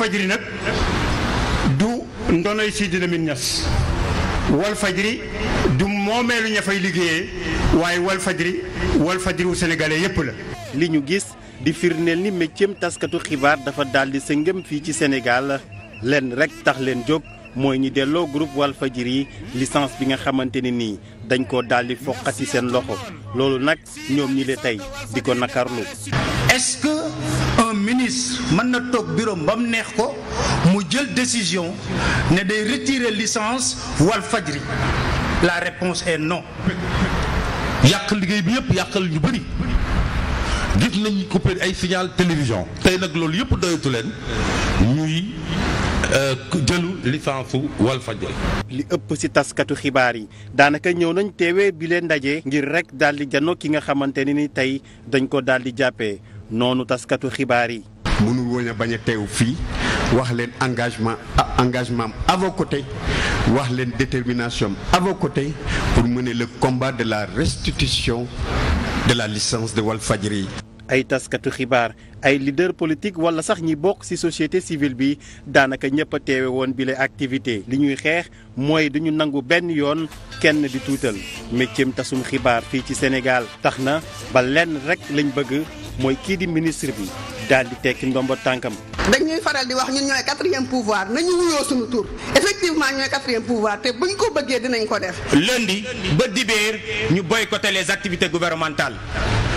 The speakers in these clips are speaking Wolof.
Walfajri nag du ndonoy Sidy Walfajri du moomeelu ña fay liggéeyee waaye Walfajri Walfajri wu sénégalais la. li ñu gis di firndeel ni méccam taskatu xibaar dafa daal di sëngëm fii ci senegal leen rek tax leen jóg. mooy ñi delloo groupe yi licence bi nga xamante ne nii dañ koo daldi di foqati seen loxo loolu nag ñoom ñi le tey di ko nakarlu mën na toog bureau ba mu neex ko mu jël décision ne day retirer licence Walfadjri la réponse et non yàq liggéey bi yëpp yàqal ñu bari gis nañ coupé ay signal télévision tey nag loolu yëpp doyatu leen ñuy euh, jëlu licence Walfadjri li ëpp ci taskatu xibaar yi daanaka ñëw nañ teewee bi leen ndaje ngir rek daal janoo ki nga xamante ne ni tey dañ ko daal di jàppee noonu taskatu xibaar yi mënul woon a bañ a teew fii wax leen engagement engagement am wax leen détermination à vos côtés pour mener le combat de la restitution de la licence de Walfadjri ay taskatu xibaar ay leader politique wala sax ñi bokk ci société civile bi daanaka ñëpp a teewe woon bile activité li ñuy xeex mooy dañu nangu benn yoon kenn di tuutal méccam tasum xibaar fii ci Sénégal tax na ba lenn rekk lañ bëgg mooy kii di ministre bi daal di tekki ndomba tànkam dañuy faral di wax ñun ñooy quatrième pouvoir nañu wuyoo suñu tur effectivement ñooy quatrième pouvoir te buñ ko bëggee dinañ ko def. lundi ba dibéer ñu boycotter les activités gouvernementales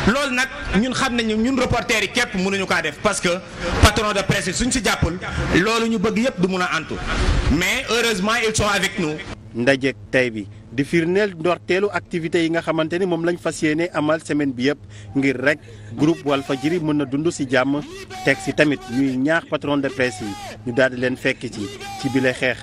loolu nag ñun xam nañu ñun reporters yi képp mënuñu kaa def parce que patron de presse yi suñ si jàppul loolu ñu bëgg yëpp du mun a antu mais heureusement ils sont avec nous. ndaje tey bi. di firndeel ndorteelu activité yi nga xamante ni moom lañ fas yéene amal semaine bi yëpp ngir rek groupe Walfadjri mën na dund si jàmm teg si tamit ñuy ñaax patron de presse yi ñu daal di leen fekk ci ci bile xeex.